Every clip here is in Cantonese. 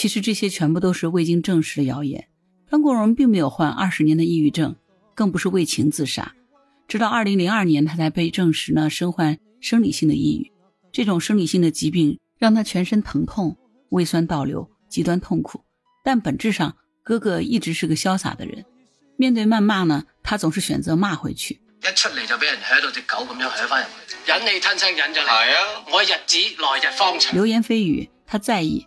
其實這些全部都是未經證實的謠言。張國榮並沒有患二十年的抑鬱症，更不是為情自殺。直到二零零二年，他才被證實呢身患生理性的抑鬱。這種生理性的疾病讓他全身疼痛、胃酸倒流、極端痛苦。但本質上，哥哥一直是個瀟灑的人。面對謾罵呢，他總是選擇罵回去。一出嚟就被人嚇到隻狗咁樣嚇翻入去，忍氣吞聲忍咗嚟。係啊，我的日子來日方長。流言蜚語，他在意。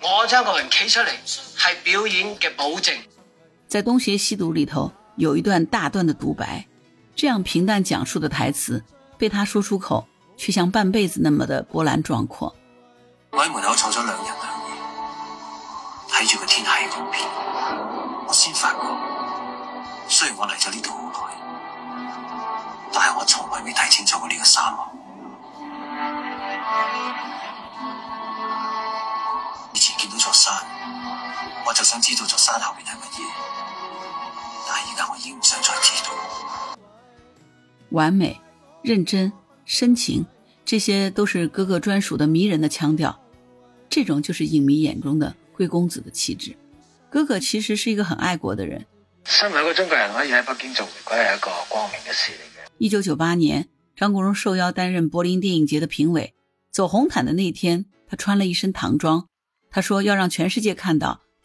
我將個人企出嚟係表演嘅保證。在東邪西毒裏頭有一段大段的獨白，這樣平淡講述的台詞，被他說出口，却像半輩子那麼的波瀾壯闊。我喺門口坐咗兩日兩夜，睇住個天係咁平。我先發覺，雖然我嚟咗呢度好耐，但係我從來未睇清楚過呢個沙漠。完美、認真、深情，這些都是哥哥專屬的迷人的腔調。這種就是影迷眼中的貴公子的氣質。哥哥其實是一個很愛國的人。身為一個中國人，可以喺北京做回歸係一個光明嘅事嚟嘅。一九九八年，張國榮受邀擔任柏林電影節的評委。走紅毯的那天，他穿了一身唐裝。他說：“要讓全世界看到。”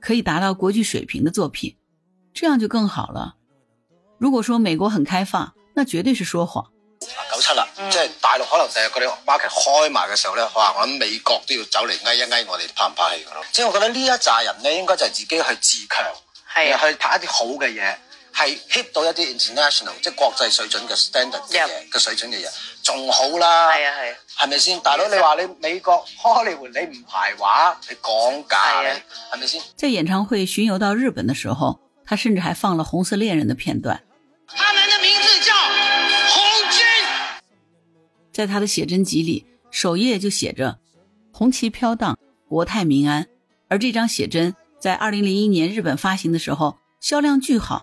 可以達到國際水平的作品，這樣就更好了。如果說美國很開放，那絕對是說謊。九七啦，即係、嗯、大陸可能成日佢哋馬劇開埋嘅時候咧，哇！我諗美國都要走嚟捱一捱我哋拍唔拍戲噶咯。即係、嗯、我覺得一呢一紮人咧，應該就係自己去自強，係，去拍一啲好嘅嘢。係 hit 到一啲 international 即係國際水準嘅 standard 嘅嘅的水準嘅嘢仲好啦，係咪先？大佬的你話你美國 Hollywood 你唔排話，你講假係咪先？在演唱會巡遊到日本的時候，他甚至還放了《紅色戀人》的片段。他們的名字叫紅軍。在他的寫真集裏，首頁就寫着「紅旗飄蕩，國泰民安」。而這張寫真在二零零一年日本發行的時候，銷量巨好。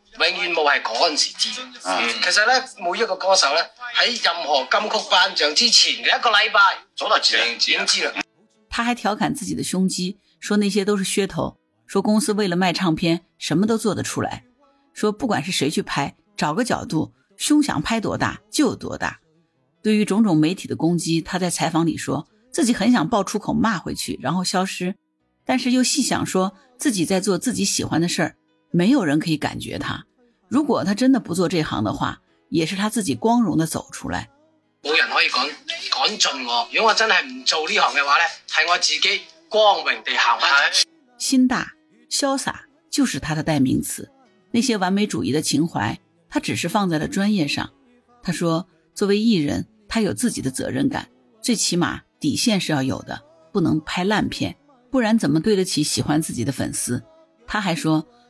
永遠冇係嗰陣時知，啊、其實呢，每一個歌手呢，喺任何金曲頒獎之前嘅一個禮拜，早嚟知啦，點知啦？他還調侃自己的胸肌，說那些都是噱頭，說公司為了賣唱片什麼都做得出來，說不管是誰去拍，找個角度，胸想拍多大就有多大。對於種種媒體的攻擊，他在採訪裏說自己很想爆出口罵回去，然後消失，但是又細想說自己在做自己喜歡的事兒。沒有人可以感覺他，如果他真的不做這行的話，也是他自己光榮地走出來。冇人可以趕趕盡我，如果我真係唔做呢行嘅話呢，係我自己光榮地行。心大、瀟灑就是他的代名詞。那些完美主義的情懷，他只是放在了專業上。他說，作為藝人，他有自己的責任感，最起碼底線是要有的，不能拍爛片，不然怎麼對得起喜歡自己的粉絲？他還說。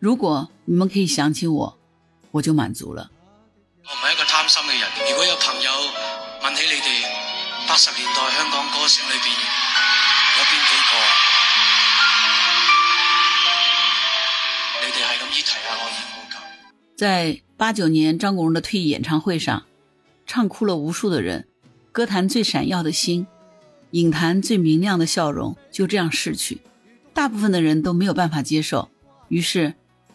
如果你們可以想起我，我就滿足了。我唔係一個貪心嘅人。如果有朋友問起你哋八十年代香港歌星裏邊有邊幾個，你哋係咁依提下我。在八九年張國榮的退役演唱會上，唱哭了無數嘅人。歌壇最閃耀嘅星，影壇最明亮嘅笑容就這樣逝去。大部分嘅人都冇辦法接受，於是。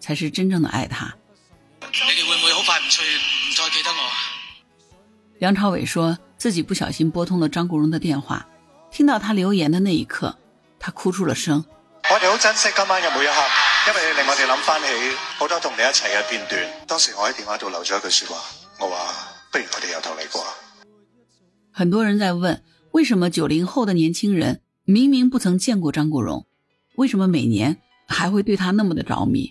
才是真正的愛他。你哋會唔會好快唔再記得我啊？梁朝偉說自己不小心撥通了張國榮的電話，聽到他留言的那一刻，他哭出了聲。我哋好珍惜今晚嘅每一刻，因為令我哋諗翻起好多同你一齊嘅片段。當時我喺電話度留咗一句說話，我話：不如我哋由頭嚟過。很多人在問，為什麼九零後的年輕人明明不曾見過張國榮，為什麼每年還會對他那麼的着迷？